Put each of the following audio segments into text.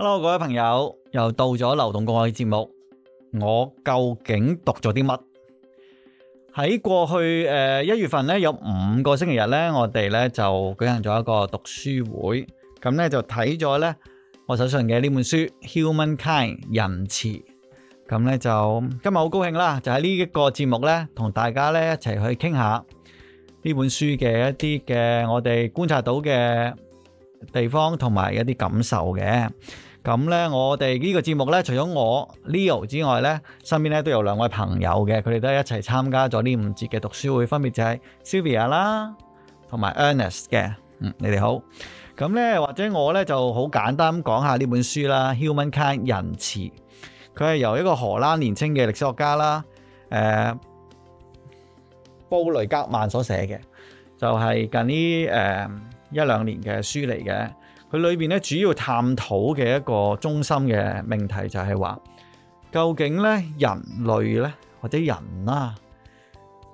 Hello，各位朋友，又到咗流動共學節目。我究竟讀咗啲乜？喺過去誒一、呃、月份咧，有五個星期日咧，我哋咧就舉行咗一個讀書會。咁咧就睇咗咧我手上嘅呢本書《Human Kind 人慈》呢。咁咧就今日好高興啦，就喺呢一個節目咧，同大家咧一齊去傾下呢本書嘅一啲嘅我哋觀察到嘅地方同埋一啲感受嘅。咁咧，我哋呢個節目咧，除咗我 Leo 之外咧，身邊咧都有兩位朋友嘅，佢哋都一齊參加咗呢五節嘅讀書會，分別就係 Sylvia 啦，同埋 Ernest 嘅。嗯，你哋好。咁咧，或者我咧就好簡單講下呢本書啦，《 Human Kind 人慈》，佢係由一個荷蘭年青嘅歷史學家啦，誒、呃、布雷格曼所寫嘅，就係、是、近呢誒、呃、一兩年嘅書嚟嘅。佢裏邊咧主要探討嘅一個中心嘅命題就係話，究竟咧人類咧或者人啦，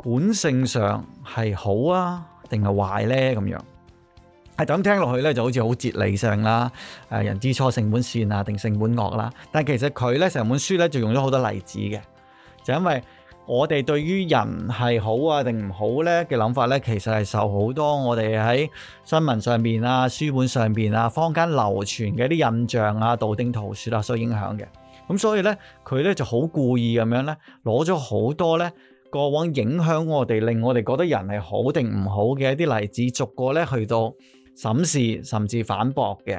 本性上係好啊定係壞咧咁樣？係咁聽落去咧就好似好哲理性啦，誒人之初性本善啊，定性本惡啦？但其實佢咧成本書咧就用咗好多例子嘅，就因為。我哋對於人係好啊定唔好咧嘅諗法咧，其實係受好多我哋喺新聞上面啊、書本上面啊、坊間流傳嘅一啲印象啊、道聽途說啊所影響嘅。咁所以咧，佢咧就好故意咁樣咧，攞咗好多咧過往影響我哋、令我哋覺得人係好定唔好嘅一啲例子，逐個咧去到審視甚至反駁嘅。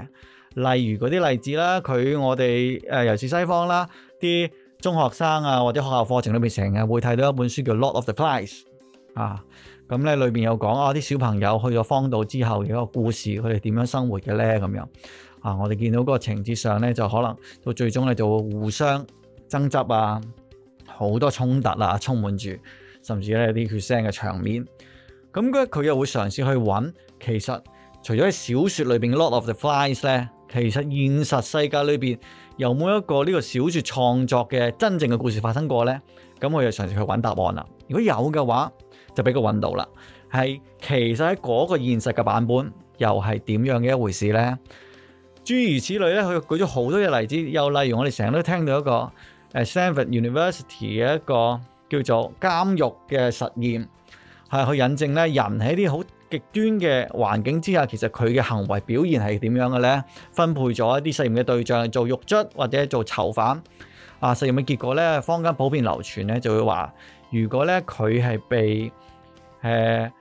例如嗰啲例子啦，佢我哋誒尤其西方啦啲。中學生啊，或者學校課程裏面成日會睇到一本書叫《Lord of the Flies》啊，咁咧裏面有講啊，啲小朋友去咗荒島之後嘅一個故事，佢哋點樣生活嘅咧咁樣啊？我哋見到嗰個情節上咧，就可能到最終咧就會互相爭執啊，好多衝突啊，充滿住，甚至咧啲血腥嘅場面。咁佢佢又會嘗試去揾，其實除咗喺小説裏邊《Lord of the Flies》咧。其實現實世界裏邊，有冇一個呢個小説創作嘅真正嘅故事發生過呢？咁我就嘗試去揾答案啦。如果有嘅話，就俾佢揾到啦。係其實喺嗰個現實嘅版本，又係點樣嘅一回事呢？諸如此類咧，佢舉咗好多嘅例子。又例如我哋成日都聽到一個誒 Stanford University 嘅一個叫做監獄嘅實驗，係去引證呢人喺啲好。極端嘅環境之下，其實佢嘅行為表現係點樣嘅呢？分配咗一啲實驗嘅對象做獄卒或者做囚犯啊。實驗嘅結果呢，坊間普遍流傳呢就會話，如果呢，佢係被誒、呃、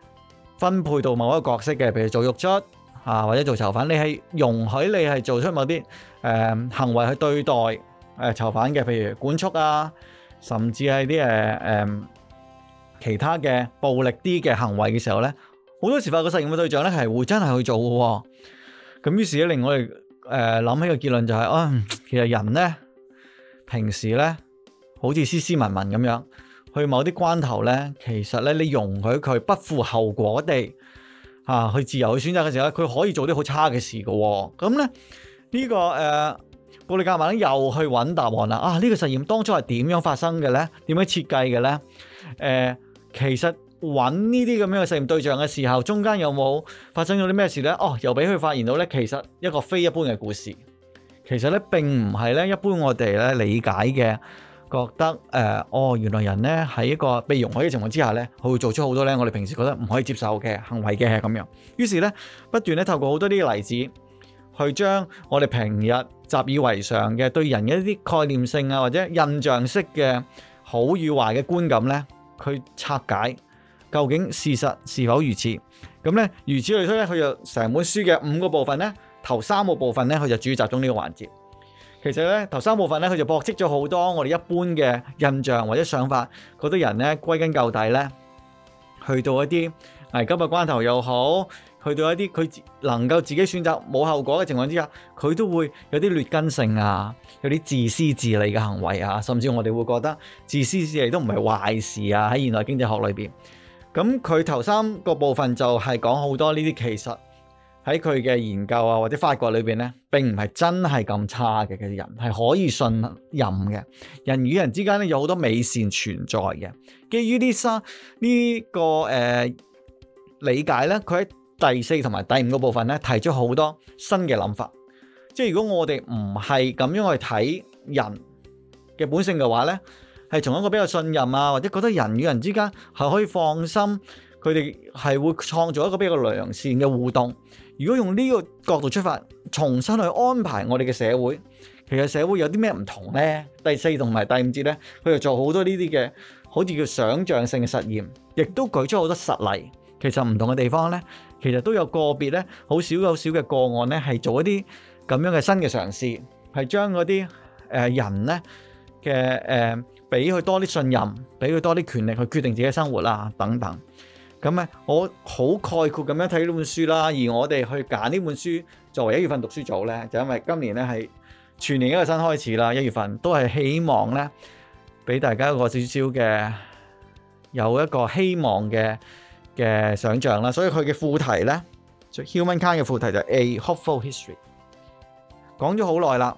分配到某一個角色嘅，譬如做獄卒啊，或者做囚犯，你係容許你係做出某啲誒、呃、行為去對待誒、呃、囚犯嘅，譬如管束啊，甚至係啲誒誒其他嘅暴力啲嘅行為嘅時候呢。」好多時發個實驗嘅對象咧，係會真係去做嘅喎、哦。咁於是咧，令我哋誒諗起個結論就係、是、啊，其實人咧平時咧，好似斯斯文文咁樣，去某啲關頭咧，其實咧你容許佢不負後果地啊去自由去選擇嘅時候，佢可以做啲好差嘅事嘅喎、哦。咁咧呢、這個誒布雷格曼又去揾答案啦。啊，呢、這個實驗當初係點樣發生嘅咧？點樣設計嘅咧？誒、呃，其實。揾呢啲咁樣嘅實驗對象嘅時候，中間有冇發生咗啲咩事呢？哦，又俾佢發現到呢，其實一個非一般嘅故事。其實呢，並唔係呢一般我哋咧理解嘅，覺得誒、呃、哦，原來人呢喺一個被容許嘅情況之下呢，佢會做出好多呢我哋平時覺得唔可以接受嘅行為嘅係咁樣。於是呢，不斷咧透過好多啲例子去將我哋平日習以為常嘅對人嘅一啲概念性啊或者印象式嘅好與壞嘅觀感呢，去拆解。究竟事實是否如此？咁咧，如此類推咧，佢就成本書嘅五個部分咧，頭三個部分咧，佢就主要集中呢個環節。其實咧，頭三個部分咧，佢就駁斥咗好多我哋一般嘅印象或者想法，嗰啲人咧，歸根究底咧，去到一啲危急嘅關頭又好，去到一啲佢能夠自己選擇冇後果嘅情況之下，佢都會有啲劣根性啊，有啲自私自利嘅行為啊，甚至我哋會覺得自私自利都唔係壞事啊，喺現代經濟學裏邊。咁佢頭三個部分就係講好多呢啲，其實喺佢嘅研究啊或者發掘裏邊咧，並唔係真係咁差嘅，嘅人，係可以信任嘅。人與人之間咧，有好多美善存在嘅。基於呢三呢個誒、呢個呃、理解咧，佢喺第四同埋第五個部分咧，提出好多新嘅諗法。即係如果我哋唔係咁樣去睇人嘅本性嘅話咧。係從一個比較信任啊，或者覺得人與人之間係可以放心，佢哋係會創造一個比較良善嘅互動。如果用呢個角度出發，重新去安排我哋嘅社會，其實社會有啲咩唔同呢？第四同埋第五節呢，佢哋做好多呢啲嘅，好似叫想像性嘅實驗，亦都舉出好多實例。其實唔同嘅地方呢，其實都有個別呢，好少好少嘅個案呢，係做一啲咁樣嘅新嘅嘗試，係將嗰啲誒人呢嘅誒。俾佢多啲信任，俾佢多啲權力去決定自己嘅生活啦，等等。咁咧，我好概括咁樣睇呢本書啦。而我哋去揀呢本書作為一月份讀書組咧，就因為今年咧係全年一個新開始啦，一月份都係希望咧俾大家一個少少嘅有一個希望嘅嘅想像啦。所以佢嘅副題咧，Humankind 嘅副題就係 A Hopeful History，講咗好耐啦，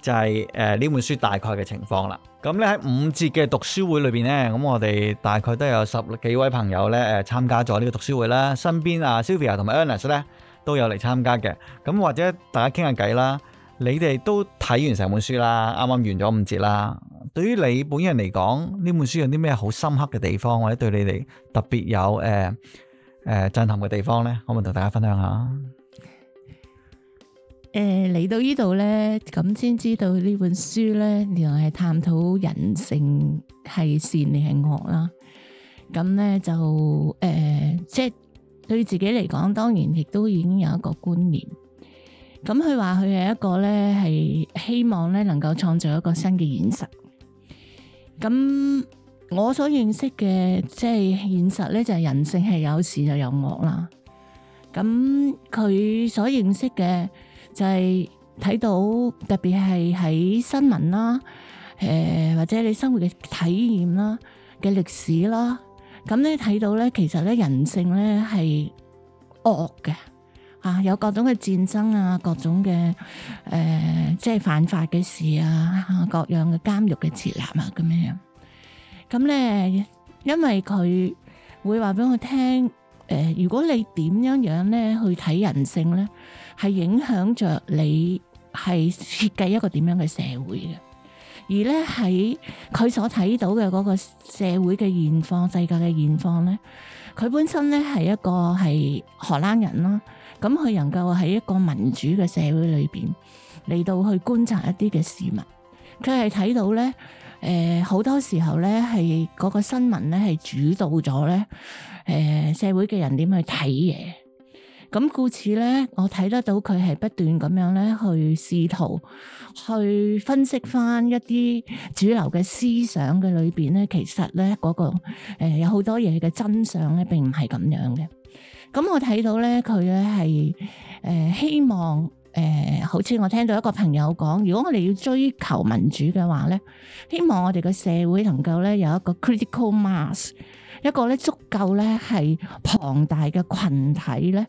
就係誒呢本書大概嘅情況啦。咁咧喺五節嘅讀書會裏邊咧，咁我哋大概都有十幾位朋友咧誒參加咗呢個讀書會啦。身邊啊 Sylvia 同埋、er、Anna 咧都有嚟參加嘅。咁或者大家傾下偈啦。你哋都睇完成本書啦，啱啱完咗五節啦。對於你本人嚟講，呢本書有啲咩好深刻嘅地方，或者對你哋特別有誒誒、呃呃、震撼嘅地方咧，可唔可以同大家分享下？誒嚟到呢度呢，咁先知道呢本書呢，原來係探討人性係善定係惡啦。咁呢、呃，就誒，即係對自己嚟講，當然亦都已經有一個觀念。咁佢話佢係一個呢，係希望呢能夠創造一個新嘅現實。咁我所認識嘅即係現實呢，就係、是、人性係有善就有惡啦。咁佢所認識嘅。就係睇到，特別係喺新聞啦，誒、呃、或者你生活嘅體驗啦嘅歷史啦，咁咧睇到咧，其實咧人性咧係惡嘅，啊有各種嘅戰爭啊，各種嘅誒、呃、即係犯法嘅事啊，啊，各樣嘅監獄嘅設立啊咁樣樣。咁咧，因為佢會話俾我聽，誒、呃、如果你點樣樣咧去睇人性咧？係影響着你係設計一個點樣嘅社會嘅。而咧喺佢所睇到嘅嗰個社會嘅現況、世界嘅現況咧，佢本身咧係一個係荷蘭人啦，咁佢能夠喺一個民主嘅社會裏邊嚟到去觀察一啲嘅事物，佢係睇到咧，誒、呃、好多時候咧係嗰個新聞咧係主導咗咧，誒、呃、社會嘅人點去睇嘢。咁故此咧，我睇得到佢係不斷咁樣咧去試圖去分析返一啲主流嘅思想嘅裏邊咧，其實咧、那、嗰個、呃、有好多嘢嘅真相咧並唔係咁樣嘅。咁、嗯、我睇到咧佢咧係誒希望誒、呃，好似我聽到一個朋友講，如果我哋要追求民主嘅話咧，希望我哋嘅社會能夠咧有一個 critical mass。一個咧足夠咧係龐大嘅群體咧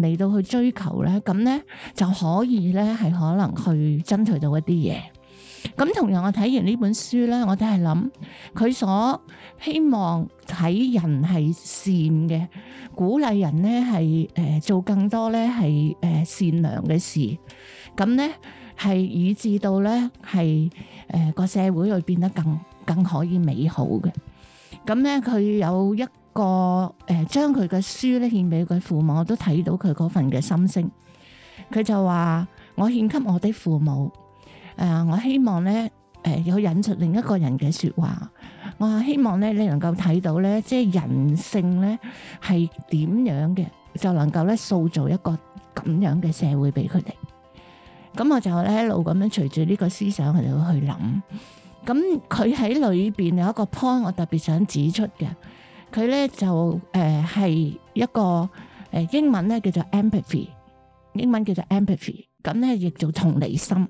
嚟到去追求咧，咁咧就可以咧係可能去爭取到一啲嘢。咁同樣我睇完呢本書咧，我都係諗佢所希望睇人係善嘅，鼓勵人咧係誒做更多咧係誒善良嘅事，咁咧係以至到咧係誒個社會會變得更更可以美好嘅。咁咧，佢有一個誒、呃，將佢嘅書咧獻俾佢父母，我都睇到佢嗰份嘅心聲。佢就話：我獻給我的父母。誒、呃，我希望咧誒，有、呃、引出另一個人嘅説話。我希望咧，你能夠睇到咧，即係人性咧係點樣嘅，就能夠咧塑造一個咁樣嘅社會俾佢哋。咁我就咧一路咁樣隨住呢個思想思，我哋去諗。咁佢喺裏邊有一個 point，我特別想指出嘅，佢咧就誒係、呃、一個誒、呃、英文咧叫做 empathy，英文叫做 empathy，咁咧亦做同理心。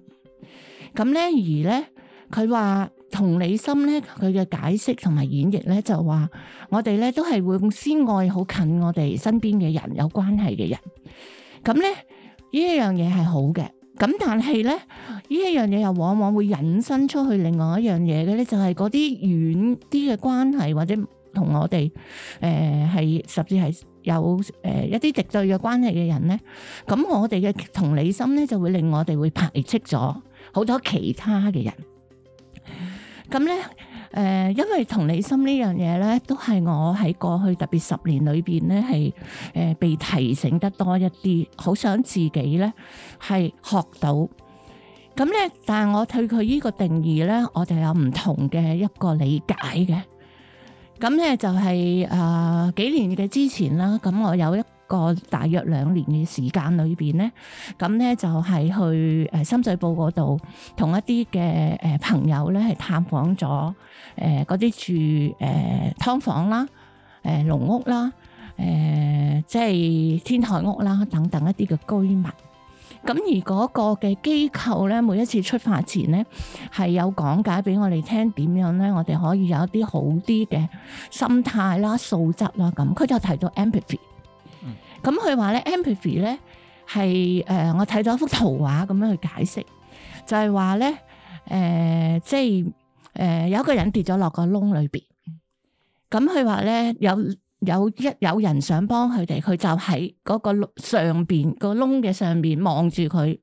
咁咧而咧佢話同理心咧佢嘅解釋同埋演繹咧就話，我哋咧都係會先愛好近我哋身邊嘅人有關係嘅人，咁咧呢樣嘢係好嘅。咁但係咧，呢一樣嘢又往往會引申出去另外一樣嘢嘅咧，就係嗰啲遠啲嘅關係或者同我哋，誒、呃、係甚至係有誒、呃、一啲敵對嘅關係嘅人咧。咁我哋嘅同理心咧，就會令我哋會排斥咗好多其他嘅人。咁咧。誒，因為同理心呢樣嘢咧，都係我喺過去特別十年裏邊咧，係誒被提醒得多一啲，好想自己咧係學到。咁咧，但係我對佢呢個定義咧，我就有唔同嘅一個理解嘅。咁咧就係誒幾年嘅之前啦，咁我有一個大約兩年嘅時間裏邊咧，咁咧就係去誒深水埗嗰度，同一啲嘅誒朋友咧係探訪咗誒嗰啲住誒、呃、劏房啦、誒、呃、籠屋啦、誒、呃、即係天台屋啦等等一啲嘅居民。咁而嗰個嘅機構咧，每一次出發前咧係有講解俾我哋聽呢，點樣咧我哋可以有一啲好啲嘅心態啦、素質啦。咁佢就提到 empathy。咁佢話咧，Empathy 咧係誒，我睇咗一幅圖畫咁樣去解釋，就係話咧，誒、呃，即係誒、呃，有一個人跌咗落個窿裏邊，咁佢話咧有有一有人想幫佢哋，佢就喺嗰個上邊、個窿嘅上邊望住佢，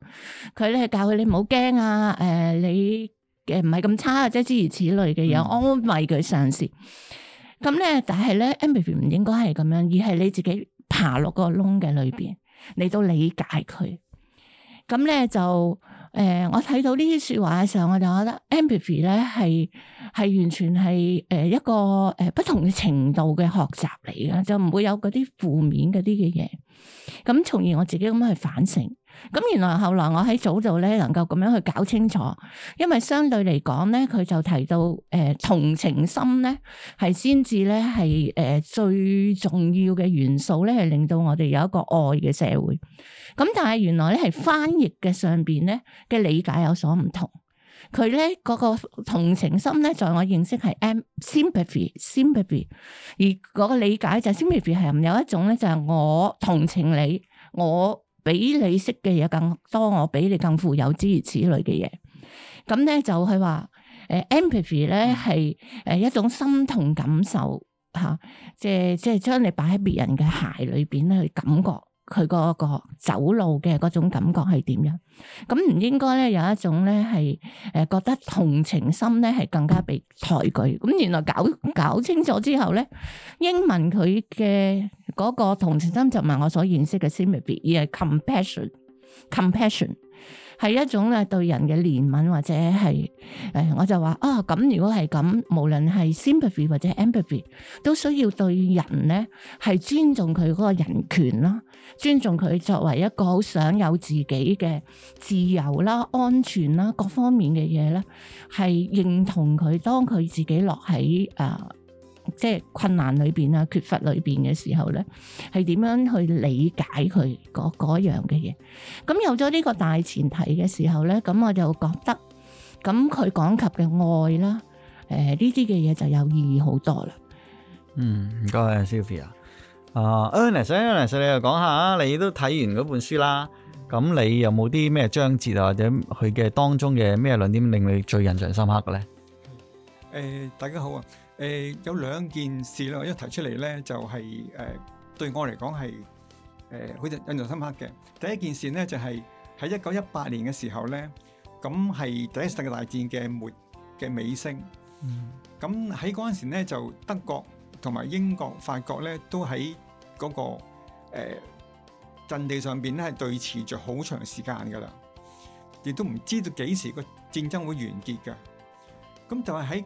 佢咧教佢，你唔好驚啊，誒、呃，你誒唔係咁差啊，即係諸如此類嘅嘢，安慰佢上事。咁咧、嗯，但係咧，Empathy 唔應該係咁樣，而係你自己。爬落個窿嘅裏邊，你都理解佢。咁咧就誒、呃、我睇到呢啲說話嘅時候，我就覺得 empathy 咧係。係完全係誒一個誒不同嘅程度嘅學習嚟嘅，就唔會有嗰啲負面嗰啲嘅嘢。咁從而我自己咁樣去反省。咁原來後來我喺早度咧，能夠咁樣去搞清楚，因為相對嚟講咧，佢就提到誒、呃、同情心咧，係先至咧係誒最重要嘅元素咧，係令到我哋有一個愛嘅社會。咁但係原來咧係翻譯嘅上邊咧嘅理解有所唔同。佢咧嗰個同情心咧，在我認識係 sympathy，sympathy，s 而嗰個理解就 s sympathy 係有一種咧，就係、是、我同情你，我比你識嘅嘢更多，我比你更富有之如此類嘅嘢。咁咧就係話，誒、嗯、empathy 咧係誒一種心痛感受嚇、啊，即係即係將你擺喺別人嘅鞋裏邊咧去感覺。佢嗰個走路嘅嗰種感覺係點樣？咁唔應該咧有一種咧係誒覺得同情心咧係更加被抬舉。咁原來搞搞清楚之後咧，英文佢嘅嗰個同情心就唔係我所認識嘅 sympathy 而係 compassion。compassion 係一種咧對人嘅憐憫，或者係誒、呃，我就話啊，咁如果係咁，無論係 sympathy 或者 empathy，都需要對人咧係尊重佢嗰個人權啦，尊重佢作為一個好想有自己嘅自由啦、安全啦各方面嘅嘢咧，係認同佢當佢自己落喺誒。呃即係困難裏邊啊，缺乏裏邊嘅時候咧，係點樣去理解佢嗰嗰樣嘅嘢？咁有咗呢個大前提嘅時候咧，咁我就覺得，咁佢講及嘅愛啦，誒呢啲嘅嘢就有意義好多啦。嗯，唔該啊，Sophia。啊、uh,，Ernest，Ernest Ern 你又講下啊？你都睇完嗰本書啦，咁你有冇啲咩章節啊或者佢嘅當中嘅咩論點令你最印象深刻嘅咧？誒、呃，大家好啊！誒有兩件事咧，我一提出嚟咧，就係誒對我嚟講係誒，好似印象深刻嘅。第一件事咧，就係喺一九一八年嘅時候咧，咁係第一次世界大戰嘅末嘅尾聲。嗯。咁喺嗰陣時咧，就德國同埋英國、法國咧都喺嗰個誒陣地上邊咧係對峙咗好長時間噶啦，亦都唔知道幾時個戰爭會完結噶。咁就係喺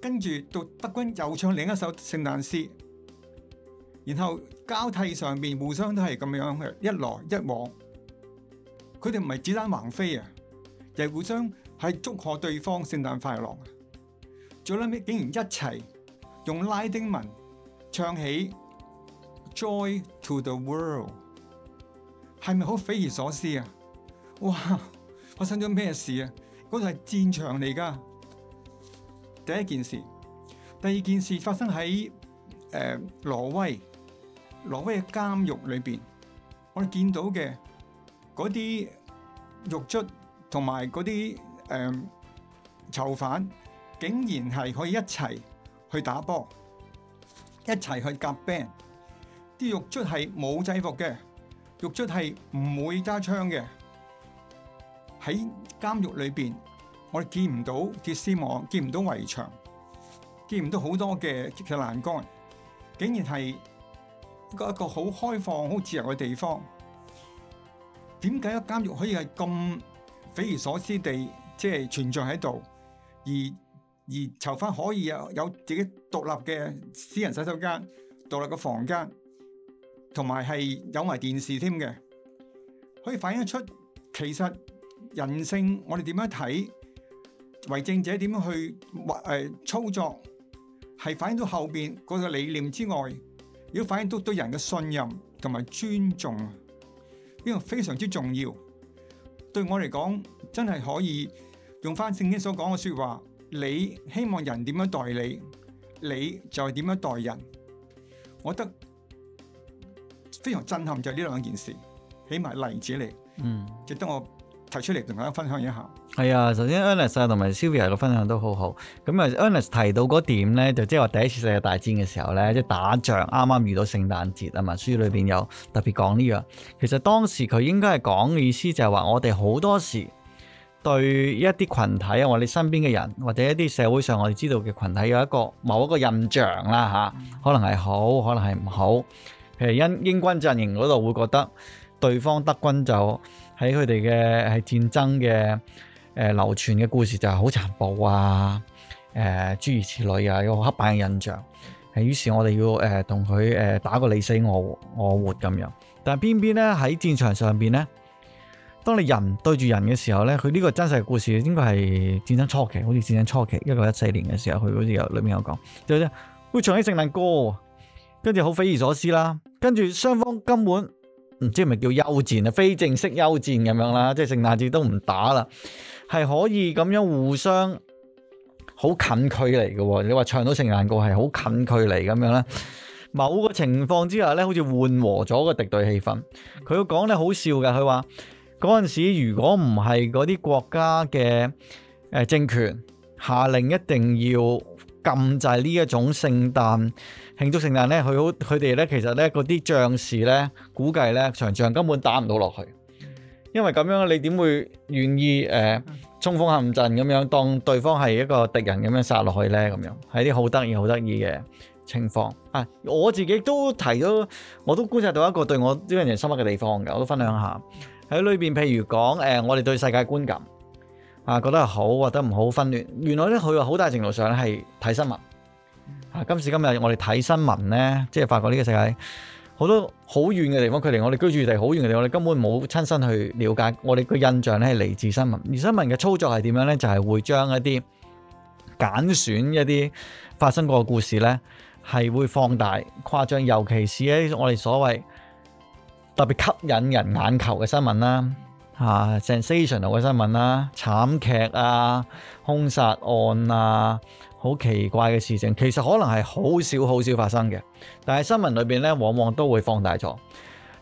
跟住，到德軍又唱另一首聖誕詩，然後交替上面互相都係咁樣嘅一來一往。佢哋唔係子彈橫飛啊，而係互相係祝賀對方聖誕快樂。最撚尾竟然一齊用拉丁文唱起《Joy to the World》，係咪好匪夷所思啊？哇！發生咗咩事啊？嗰度係戰場嚟㗎。第一件事，第二件事發生喺誒、呃、挪威，挪威嘅監獄裏邊，我哋見到嘅嗰啲獄卒同埋嗰啲誒囚犯，竟然係可以一齊去打波，一齊去夾 band，啲獄卒係冇制服嘅，獄卒係唔會揸槍嘅，喺監獄裏邊。我哋見唔到鐵絲網，見唔到圍牆，見唔到好多嘅鐵欄杆，竟然係一個一個好開放、好自由嘅地方。點解一監獄可以係咁匪夷所思地即係存在喺度，而而囚犯可以有有自己獨立嘅私人洗手間、獨立嘅房間，同埋係有埋電視添嘅，可以反映出其實人性我，我哋點樣睇？為政者點樣去或誒操作，係反映到後邊嗰個理念之外，亦都反映到對人嘅信任同埋尊重，呢個非常之重要。對我嚟講，真係可以用翻聖經所講嘅說話：你希望人點樣待你，你就係點樣待人。我覺得非常震撼，就係呢兩件事，起碼例子嚟，嗯，值得我。提出嚟同大家分享一下。係啊、哎，首先 Anice 同埋 Sylvia 嘅分享都好好。咁啊 Anice 提到嗰點咧，就即係話第一次世界大戰嘅時候咧，即係打仗啱啱遇到聖誕節啊嘛，書裏邊有特別講呢樣。其實當時佢應該係講嘅意思就係話，我哋好多時對一啲群體啊，或者你身邊嘅人，或者一啲社會上我哋知道嘅群體，有一個某一個印象啦嚇、啊，可能係好，可能係唔好。譬如因英軍陣營嗰度會覺得對方德軍就。喺佢哋嘅係戰爭嘅誒、呃、流傳嘅故事就係好殘暴啊，誒、呃、諸如此類啊，有個刻板嘅印象。係，於是我，我哋要誒同佢誒打個你死我我活咁樣。但係偏偏咧喺戰場上邊咧，當你人對住人嘅時候咧，佢呢個真實嘅故事應該係戰爭初期，好似戰爭初期一九一四年嘅時候，佢好似有裏面有講，就是、會唱起聖誕歌，跟住好匪夷所思啦，跟住雙方根本。唔知係咪叫休戰啊？非正式休戰咁樣啦，即係聖誕節都唔打啦，係可以咁樣互相好近距離嘅。你話唱到聖誕歌係好近距離咁樣啦。某個情況之下咧，好似緩和咗個敵對氣氛。佢講得好笑㗎，佢話嗰陣時如果唔係嗰啲國家嘅誒政權下令一定要禁制呢一種聖誕。慶祝聖誕咧，佢好佢哋咧，其實咧嗰啲將士咧，估計咧場仗根本打唔到落去，因為咁樣你點會願意誒衝鋒陷陣咁樣當對方係一個敵人咁樣殺落去咧？咁樣係啲好得意、好得意嘅情況。啊，我自己都提咗，我都觀察到一個對我呢個人深刻嘅地方嘅，我都分享下喺裏邊。譬如講誒、呃，我哋對世界觀感，啊，覺得好或者唔好分裂，原來咧佢話好大程度上咧係睇新聞。啊！今時今日我哋睇新聞咧，即係發覺呢個世界好多好遠嘅地方，佢離我哋居住地好遠嘅地方，我哋根本冇親身去了解。我哋個印象咧係嚟自新聞，而新聞嘅操作係點樣咧？就係、是、會將一啲揀選一啲發生過嘅故事咧，係會放大、誇張，尤其是喺我哋所謂特別吸引人眼球嘅新聞啦，啊，sensational 嘅新聞啦，慘劇啊，兇殺案啊。好奇怪嘅事情，其實可能係好少好少發生嘅，但係新聞裏邊咧，往往都會放大咗，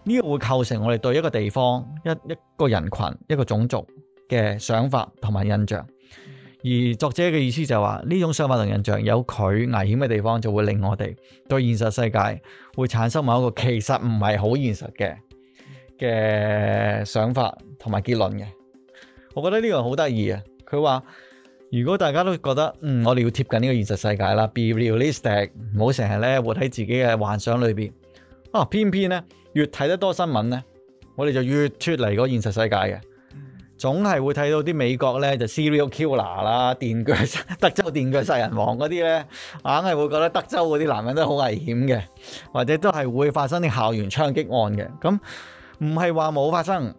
呢、這個會構成我哋對一個地方、一一個人群、一個種族嘅想法同埋印象。而作者嘅意思就係話，呢種想法同印象有佢危險嘅地方，就會令我哋對現實世界會產生某一個其實唔係好現實嘅嘅想法同埋結論嘅。我覺得呢個好得意啊，佢話。如果大家都覺得嗯，我哋要貼近呢個現實世界啦，be realistic，唔好成日咧活喺自己嘅幻想裏邊。啊，偏偏咧越睇得多新聞咧，我哋就越脫離個現實世界嘅。總係會睇到啲美國咧就 serial killer 啦、電鋸德州電鋸殺人王嗰啲咧，硬係會覺得德州嗰啲男人都好危險嘅，或者都係會發生啲校園槍擊案嘅。咁唔係話冇發生。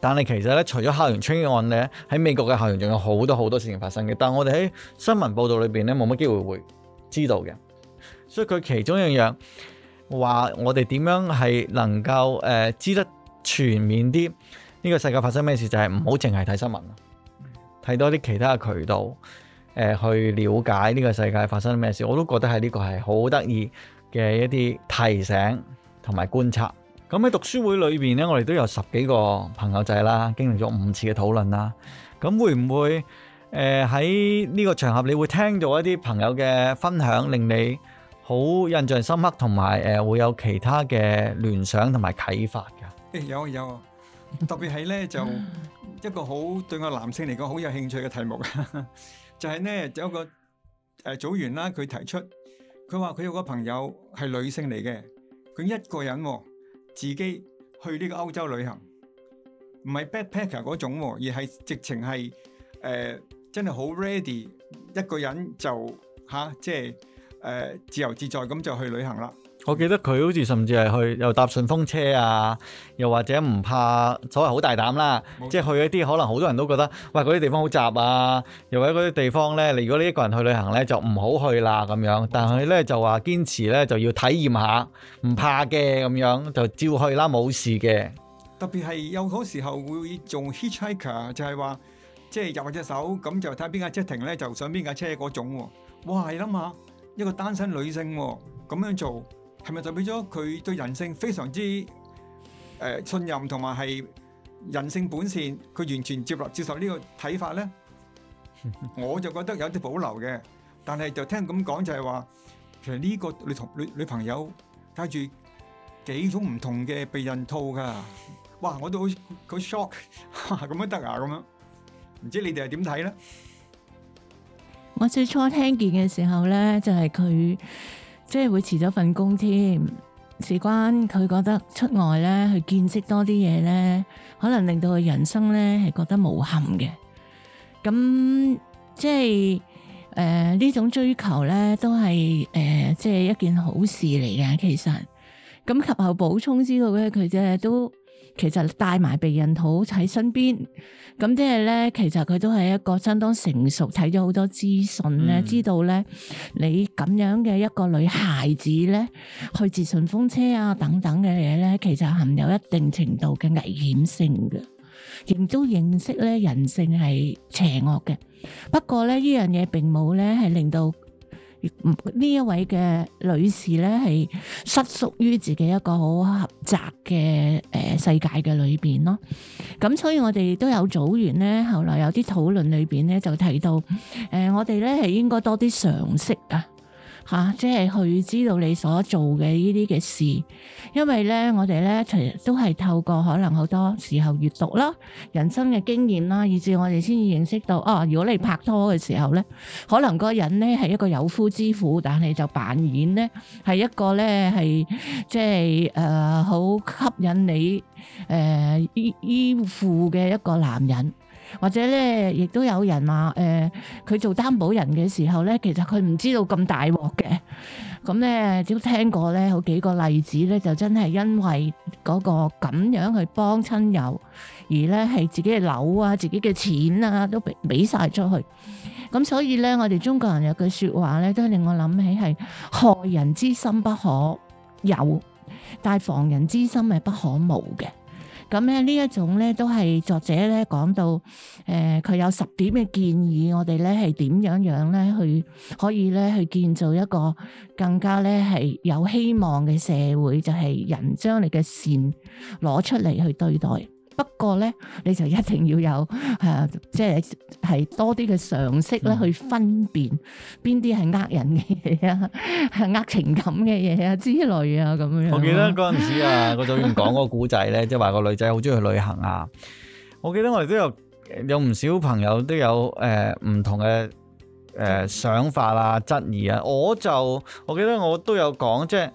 但係其實咧，除咗校園槍嘅案咧，喺美國嘅校園仲有好多好多事情發生嘅。但係我哋喺新聞報道裏邊咧，冇乜機會會知道嘅。所以佢其中一樣話，我哋點樣係能夠誒、呃、知得全面啲呢、呢個世界發生咩事，就係唔好淨係睇新聞，睇多啲其他嘅渠道誒、呃、去了解呢個世界發生咩事。我都覺得係呢個係好得意嘅一啲提醒同埋觀察。咁喺讀書會裏邊咧，我哋都有十幾個朋友仔啦，經歷咗五次嘅討論啦。咁會唔會誒喺呢個場合你會聽到一啲朋友嘅分享，令你好印象深刻，同埋誒會有其他嘅聯想同埋啟發㗎？誒有啊有啊，特別係咧就一個好對我男性嚟講好有興趣嘅題目，就係咧有一個誒組員啦，佢提出，佢話佢有個朋友係女性嚟嘅，佢一個人。自己去呢個歐洲旅行，唔係 backpacker 嗰種，而係直情係誒真係好 ready 一個人就吓、啊、即係誒、呃、自由自在咁就去旅行啦。我記得佢好似甚至係去又搭順風車啊，又或者唔怕所謂好大膽啦，即係去一啲可能好多人都覺得，喂嗰啲地方好雜啊，又或者嗰啲地方咧，你如果你一個人去旅行咧就唔好去啦咁樣。但係咧就話堅持咧就要體驗下，唔怕嘅咁樣就照去啦，冇事嘅。特別係有嗰時候會做 hitchhiker，就係話即係入隻手咁就睇邊架車停咧就上邊架車嗰種喎。哇，諗下，一個單身女性咁樣做。係咪代表咗佢對人性非常之誒信任同埋係人性本善，佢完全接納接受呢個睇法咧？我就覺得有啲保留嘅，但係就聽咁講就係話，其實呢個女同女女朋友帶住幾種唔同嘅避孕套㗎，哇！我都好好 shock，咁樣得啊咁樣，唔知你哋係點睇咧？我最初聽見嘅時候咧，就係佢。即係會辭咗份工添，事關佢覺得出外咧，去見識多啲嘢咧，可能令到佢人生咧係覺得無憾嘅。咁即係誒呢種追求咧，都係誒、呃、即係一件好事嚟㗎。其實咁及後補充知道咧，佢啫都。其實帶埋避孕套喺身邊，咁即係咧，其實佢都係一個相當成熟，睇咗好多資訊咧，嗯、知道咧你咁樣嘅一個女孩子咧去截順風車啊等等嘅嘢咧，其實含有一定程度嘅危險性嘅，亦都認識咧人性係邪惡嘅。不過咧呢樣嘢並冇咧係令到。呢一位嘅女士呢，係失屬於自己一個好狹窄嘅誒世界嘅裏邊咯。咁所以我哋都有組員呢。後來有啲討論裏邊呢，就提到，誒、呃，我哋呢，係應該多啲常識啊。吓、啊，即係去知道你所做嘅呢啲嘅事，因為呢，我哋呢，其實都係透過可能好多時候閱讀啦、人生嘅經驗啦，以至我哋先至認識到，哦、啊，如果你拍拖嘅時候呢，可能個人呢係一個有夫之婦，但係就扮演呢係一個呢係即係誒好吸引你誒、呃、依依附嘅一個男人。或者咧，亦都有人話誒，佢、呃、做擔保人嘅時候咧，其實佢唔知道咁大鑊嘅。咁咧，都聽過咧，好幾個例子咧，就真係因為嗰個咁樣去幫親友，而咧係自己嘅樓啊、自己嘅錢啊，都俾俾曬出去。咁所以咧，我哋中國人有句說話咧，都係令我諗起係害人之心不可有，但係防人之心係不可無嘅。咁咧，呢一種咧，都係作者咧講到，誒、呃、佢有十點嘅建議我，我哋咧係點樣樣咧去可以咧去建造一個更加咧係有希望嘅社會，就係、是、人將你嘅善攞出嚟去對待。不過咧，你就一定要有，誒、啊，即係係多啲嘅常識咧，去分辨邊啲係呃人嘅嘢啊，係呃情感嘅嘢啊之類啊咁樣。我記得嗰陣時啊，個導演講個古仔咧，即係話個女仔好中意去旅行啊。我記得我哋都有有唔少朋友都有誒唔、呃、同嘅誒、呃、想法啊、質疑啊。我就我記得我都有講即係。就是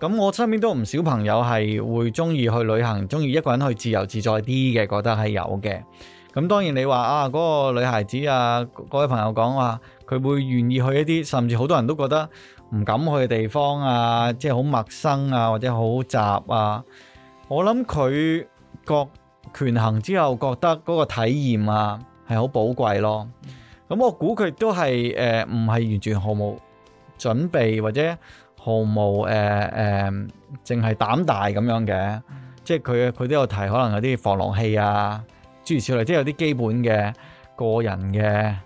咁我身邊都唔少朋友係會中意去旅行，中意一個人去自由自在啲嘅，覺得係有嘅。咁當然你話啊，嗰個女孩子啊，嗰位朋友講話，佢會願意去一啲甚至好多人都覺得唔敢去嘅地方啊，即係好陌生啊，或者好雜啊。我諗佢覺權衡之後覺得嗰個體驗啊係好寶貴咯。咁我估佢都係誒唔係完全毫無準備或者。毫無誒誒，淨、呃、係、呃、膽大咁樣嘅。嗯、即係佢佢都有提可能有啲防狼器啊，諸如此類，即係有啲基本嘅個人嘅誒、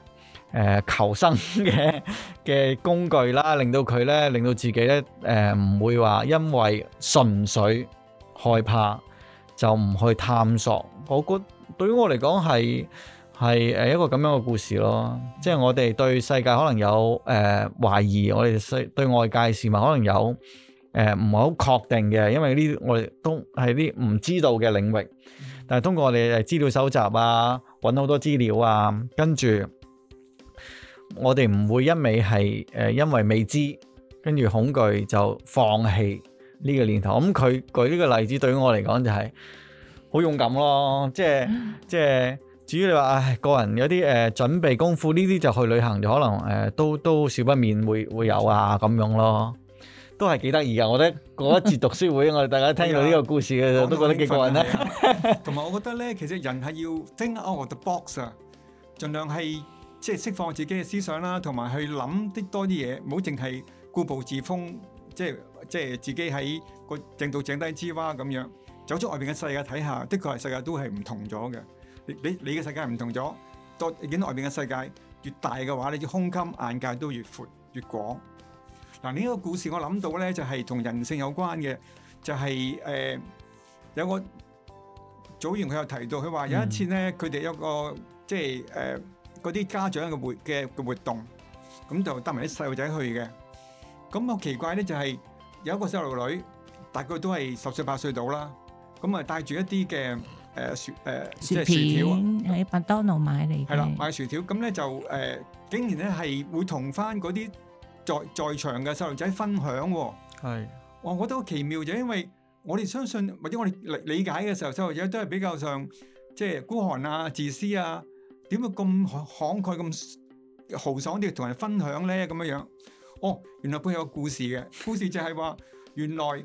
呃、求生嘅嘅 工具啦，令到佢咧，令到自己咧誒唔會話因為純粹害怕就唔去探索。我覺得對於我嚟講係。係誒一個咁樣嘅故事咯，即係我哋對世界可能有誒、呃、懷疑，我哋對外界事物可能有誒唔係好確定嘅，因為呢啲我哋都係啲唔知道嘅領域。但係通過我哋資料搜集啊，揾好多資料啊，跟住我哋唔會一味係誒因為未知跟住恐懼就放棄呢個念頭。咁、嗯、佢舉呢個例子對於我嚟講就係好勇敢咯，即係、嗯、即係。至於你話，唉，個人有啲誒準備功夫呢啲就去旅行就可能誒都都少不免會會有啊咁樣咯，都係幾得意嘅。我覺得嗰一次讀書會，我哋大家聽到呢個故事嘅，都覺得幾過癮啦。同埋我覺得咧，其實人係要 think out of the box 啊，儘量係即係釋放自己嘅思想啦，同埋去諗啲多啲嘢，唔好淨係固步自封，即係即係自己喺個井度井底之蛙咁樣，走出外邊嘅世界睇下，的確係世界都係唔同咗嘅。你你嘅世界唔同咗，到見到外邊嘅世界越大嘅話，你啲胸襟眼界都越闊越廣。嗱，呢個故事我諗到咧，就係同人性有關嘅，就係、是、誒、呃、有個組員佢又提到，佢話有一次咧，佢哋有個即係誒嗰啲家長嘅活嘅嘅活動，咁就帶埋啲細路仔去嘅。咁好奇怪咧，就係有一個細路女，大概都係十歲八歲到啦，咁啊帶住一啲嘅。誒薯誒薯片喺麥當勞買嚟，係啦買薯條咁咧就誒，竟然咧係會同翻嗰啲在在場嘅細路仔分享喎。係，我覺得好奇妙，就因為我哋相信或者我哋理理解嘅時候，細路仔都係比較上即係孤寒啊、自私啊，點會咁慷慨、咁豪爽啲同人分享咧？咁樣樣，哦，原來佢有故事嘅故事就係話，原來。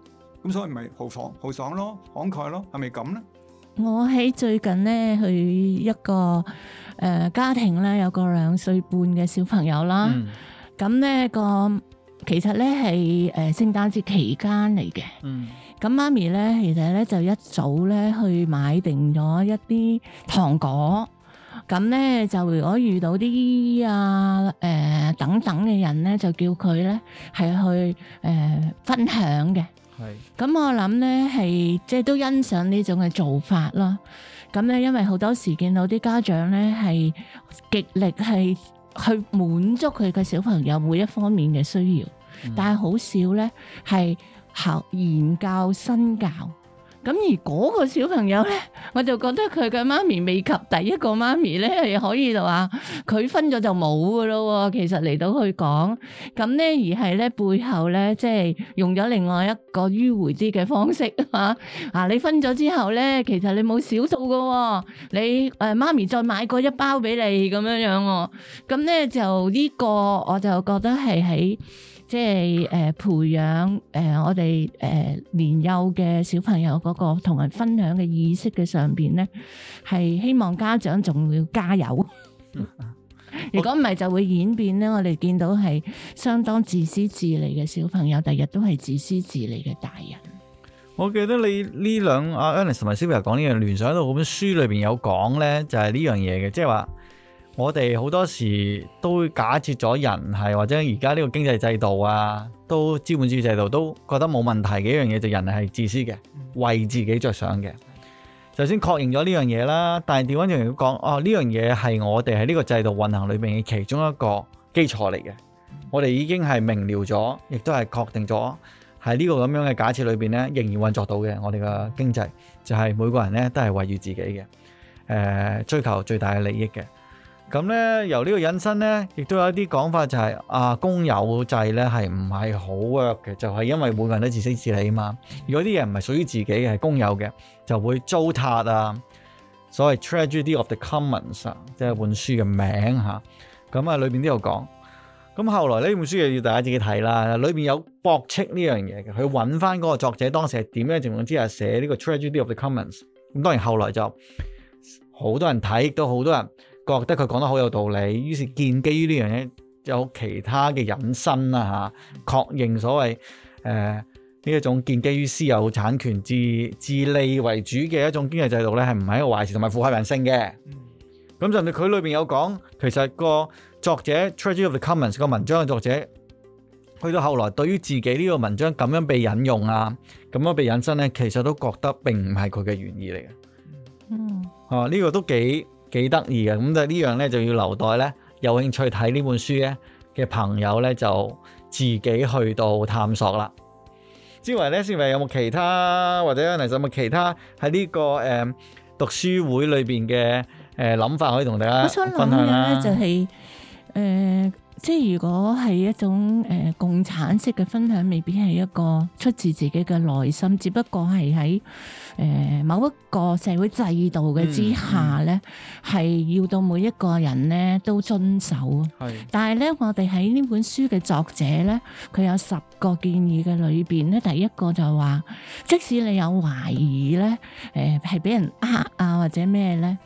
咁所以咪豪爽豪爽咯，慷慨咯，係咪咁咧？我喺最近咧去一個誒家庭咧，有個兩歲半嘅小朋友啦。咁咧個其實咧係誒聖誕節期間嚟嘅。嗯。咁媽咪咧，其實咧就一早咧去買定咗一啲糖果。咁咧就如果遇到啲姨姨啊誒等等嘅人咧，就叫佢咧係去誒分享嘅。咁、嗯、我諗呢係即係都欣賞呢種嘅做法咯。咁呢，因為好多時見到啲家長呢係極力係去滿足佢嘅小朋友每一方面嘅需要，但係好少呢係考研究新教。咁而嗰個小朋友咧，我就覺得佢嘅媽咪未及第一個媽咪咧，係可以就話佢分咗就冇噶咯。其實嚟到去講，咁咧而係咧背後咧，即係用咗另外一個迂回啲嘅方式啊。嗱，你分咗之後咧，其實你冇少數噶、哦，你誒、呃、媽咪再買過一包俾你咁樣樣、哦。咁咧就呢個，我就覺得係喺。即係誒培養誒我哋誒年幼嘅小朋友嗰個同人分享嘅意識嘅上邊咧，係希望家長仲要加油。 如果唔係，就會演變咧。我哋見到係相當自私自利嘅小朋友，第日都係自私自利嘅大人。我記得你呢兩阿 Alex 同埋 Sophia 講呢樣聯想喺度，本書裏邊有講咧，就係呢樣嘢嘅，即係話。我哋好多時都假設咗人係或者而家呢個經濟制度啊，都資本主義制度都覺得冇問題嘅一樣嘢，就人係自私嘅，為自己着想嘅。就先確認咗呢樣嘢啦，但係點解仲要講哦？呢樣嘢係我哋喺呢個制度運行裏面嘅其中一個基礎嚟嘅。我哋已經係明瞭咗，亦都係確定咗喺呢個咁樣嘅假設裏邊呢，仍然運作到嘅我哋個經濟就係、是、每個人呢，都係為住自己嘅，誒、呃、追求最大嘅利益嘅。咁咧，由個呢個引申咧，亦都有一啲講法就係、是、啊，公有制咧係唔係好 work 嘅？就係、是、因為每個人都自食自利啊嘛。如果啲嘢唔係屬於自己嘅，係公有嘅，就會糟蹋啊。所謂《Tragedy of the Commons》即係本書嘅名嚇。咁啊，裏邊都有講。咁、嗯、後來呢本書又要大家自己睇啦。裏邊有剖斥呢樣嘢嘅，去揾翻嗰個作者當時係點樣情況之下寫呢、這個《Tragedy of the Commons》嗯。咁當然後來就好多人睇，亦都好多人。覺得佢講得好有道理，於是建基於呢樣嘢有其他嘅引申啦嚇，確認所謂誒呢一種建基於私有產權、自自利為主嘅一種經濟制度咧，係唔係一個壞事，同埋腐化人性嘅。咁甚至佢裏邊有講，其實個作者《Tragedy of the Commons》個文章嘅作者，去到後來對於自己呢個文章咁樣被引用啊，咁樣被引申咧，其實都覺得並唔係佢嘅原意嚟嘅。嗯，啊呢、這個都幾～幾得意嘅，咁就呢樣咧就要留待咧有興趣睇呢本書嘅朋友咧就自己去到探索啦。之外咧，師妹有冇其他或者嚟實冇其他喺呢、這個誒、嗯、讀書會裏邊嘅誒諗法可以同大家分享咧？我想就係、是、誒。呃即係如果係一種誒、呃、共產式嘅分享，未必係一個出自自己嘅內心，只不過係喺誒某一個社會制度嘅之下咧，係、嗯嗯、要到每一個人咧都遵守。係是，但係咧，我哋喺呢本書嘅作者咧，佢有十個建議嘅裏邊咧，第一個就話，即使你有懷疑咧，誒係俾人呃啊或者咩咧。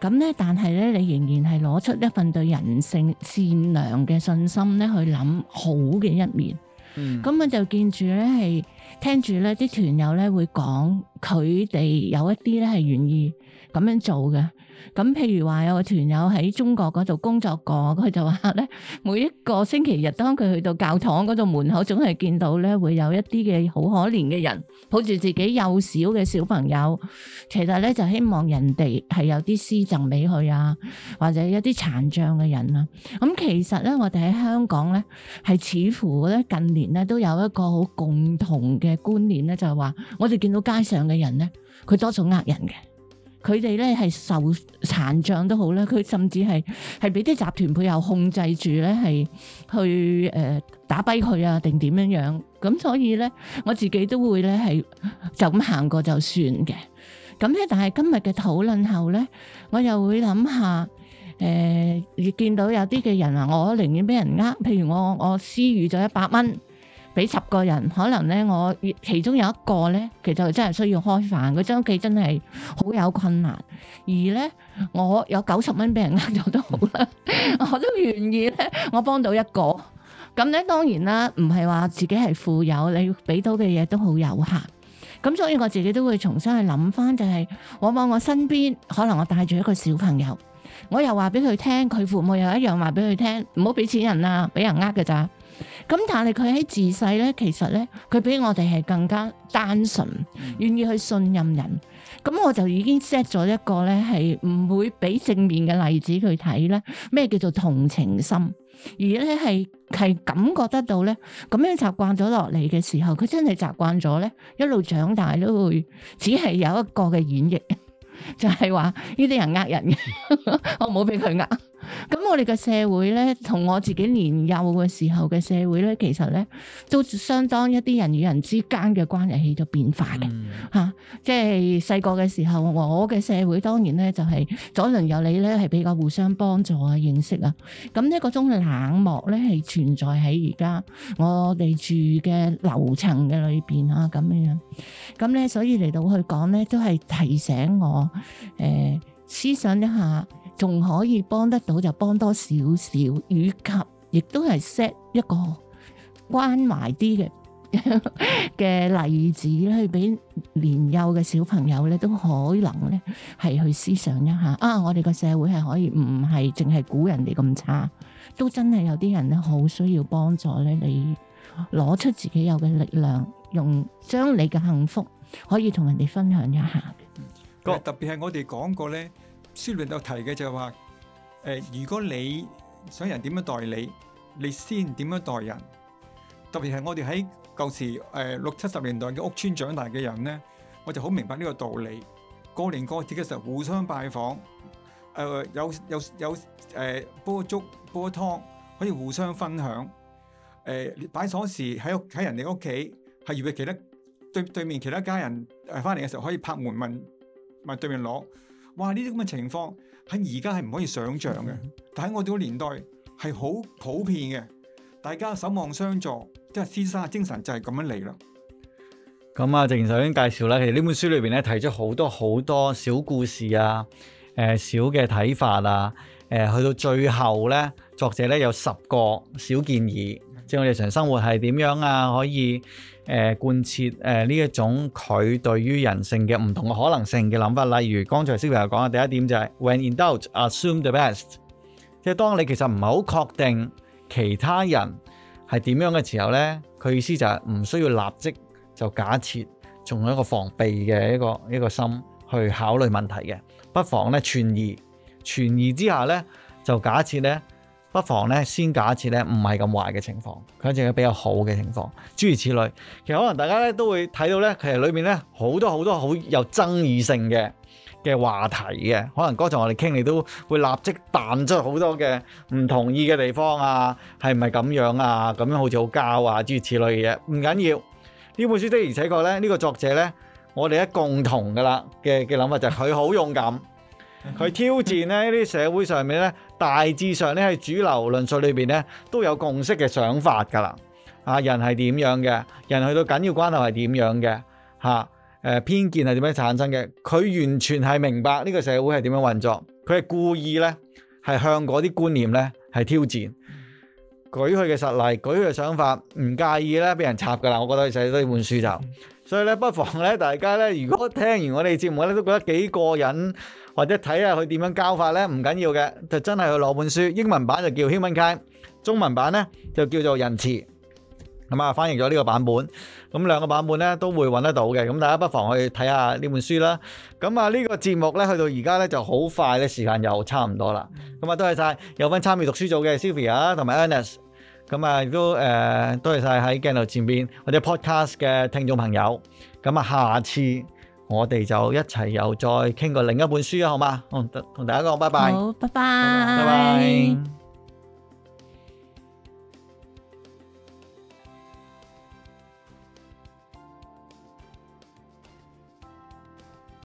咁咧，但係咧，你仍然係攞出一份對人性善良嘅信心咧，去諗好嘅一面。咁、嗯、我就見住呢，係聽住呢啲團友呢，會講，佢哋有一啲呢，係願意咁樣做嘅。咁譬如話有個團友喺中國嗰度工作過，佢就話咧，每一個星期日當佢去到教堂嗰度門口，總係見到咧，會有一啲嘅好可憐嘅人，抱住自己幼小嘅小朋友，其實咧，就希望人哋係有啲施贈俾佢啊，或者一啲殘障嘅人啊。咁其實咧，我哋喺香港咧，係似乎咧近年咧都有一個好共同嘅觀念咧，就係話我哋見到街上嘅人咧，佢多數呃人嘅。佢哋咧係受殘障都好啦，佢甚至係係俾啲集團配合控制住咧，係去誒、呃、打跛佢啊，定點樣樣咁？所以咧，我自己都會咧係就咁行過就算嘅。咁咧，但係今日嘅討論後咧，我又會諗下誒，見到有啲嘅人啊，我寧願俾人呃，譬如我我私語咗一百蚊。俾十個人，可能咧我其中有一個咧，其實真係需要開飯，佢屋企真係好有困難。而咧，我有九十蚊俾人呃咗都好啦， 我都願意咧，我幫到一個。咁咧當然啦，唔係話自己係富有，你俾到嘅嘢都好有限。咁所以我自己都會重新去諗翻，就係往往我身邊可能我帶住一個小朋友，我又話俾佢聽，佢父母又一樣話俾佢聽，唔好俾錢人啊，俾人呃㗎咋。.咁但係佢喺自細咧，其實咧佢比我哋係更加單純，願意去信任人。咁我就已經 set 咗一個咧，係唔會俾正面嘅例子佢睇咧。咩叫做同情心？而咧係係感覺得到咧，咁樣習慣咗落嚟嘅時候，佢真係習慣咗咧，一路長大都會只係有一個嘅演繹，就係話呢啲人呃人，嘅， 我唔好俾佢呃。咁我哋嘅社會咧，同我自己年幼嘅時候嘅社會咧，其實咧都相當一啲人與人之間嘅關係都變化嘅吓、嗯啊，即係細個嘅時候，我嘅社會當然咧就係、是、左鄰右里咧係比較互相幫助啊、認識啊，咁呢個種冷漠咧係存在喺而家我哋住嘅樓層嘅裏邊啊咁樣，咁咧所以嚟到去講咧，都係提醒我誒、呃，思想一下。仲可以幫得到就幫多少少，以及亦都係 set 一個關懷啲嘅嘅例子去俾年幼嘅小朋友咧，都可能咧係去思想一下啊！我哋個社會係可以唔係淨係估人哋咁差，都真係有啲人咧好需要幫助咧，你攞出自己有嘅力量，用將你嘅幸福可以同人哋分享一下。個，特別係我哋講過咧。書裡面有提嘅就係、是、話：，誒、呃，如果你想人點樣待你，你先點樣待人。特別係我哋喺舊時誒六七十年代嘅屋村長大嘅人咧，我就好明白呢個道理。過年過節嘅時候互相拜訪，誒、呃、有有有誒、呃、煲粥煲湯，可以互相分享。誒、呃、擺鎖匙喺屋喺人哋屋企，係遇埋其他對對面其他家人誒翻嚟嘅時候，可以拍門問問對面攞。哇！呢啲咁嘅情況喺而家係唔可以想像嘅，但喺我哋個年代係好普遍嘅。大家守望相助，即係先生嘅精神就係咁樣嚟啦。咁啊、嗯，正如頭先英介紹啦，其實呢本書裏邊咧提出好多好多小故事啊，誒、呃、小嘅睇法啊，誒、呃、去到最後咧，作者咧有十個小建議，即係我哋日常生活係點樣啊，可以。誒、呃、貫徹誒呢、呃、一種佢對於人性嘅唔同嘅可能性嘅諗法，例如剛才 Stephen 講啊，第一點就係、是、When in doubt, assume the best，即係當你其實唔係好確定其他人係點樣嘅時候咧，佢意思就係唔需要立即就假設，從一個防備嘅一個一個心去考慮問題嘅，不妨咧存疑，存疑之下咧就假設咧。不妨咧先假設咧唔係咁壞嘅情況，佢係一個比較好嘅情況。諸如此類，其實可能大家咧都會睇到咧，其實裏面咧好多好多好有爭議性嘅嘅話題嘅。可能嗰陣我哋傾，你都會立即彈出好多嘅唔同意嘅地方啊，係唔係咁樣啊？咁樣好似好膠啊，諸如此類嘅嘢。唔緊要，呢本書的而且確咧，呢個作者咧，我哋一共同嘅啦嘅嘅諗法就係佢好勇敢，佢挑戰呢啲社會上面咧。大致上咧喺主流論述裏邊咧都有共識嘅想法㗎啦。啊，人係點樣嘅？人去到緊要關頭係點樣嘅？嚇，誒偏見係點樣產生嘅？佢完全係明白呢個社會係點樣運作，佢係故意咧係向嗰啲觀念咧係挑戰，舉佢嘅實例，舉佢嘅想法，唔介意咧俾人插㗎啦。我覺得佢寫咗呢本書就。所以咧，不妨咧，大家咧，如果聽完我哋節目咧，都覺得幾過癮，或者睇下佢點樣教法咧，唔緊要嘅，就真係去攞本書，英文版就叫《Humankind》，中文版咧就叫做《人慈》，咁、嗯、啊，翻譯咗呢個版本，咁兩個版本咧都會揾得到嘅，咁大家不妨去睇下呢本書啦。咁、嗯、啊，呢、這個節目咧，去到而家咧就好快咧，時間又差唔多啦。咁、嗯、啊，多謝晒，有份參與讀書組嘅 Sylvia 同埋、er、Eunice。咁啊，亦都誒，多謝晒喺鏡頭前面或者 podcast 嘅聽眾朋友。咁啊，下次我哋就一齊又再傾過另一本書啊，好嗎？嗯，同大家講，拜拜。好，拜拜。拜拜。拜拜拜拜。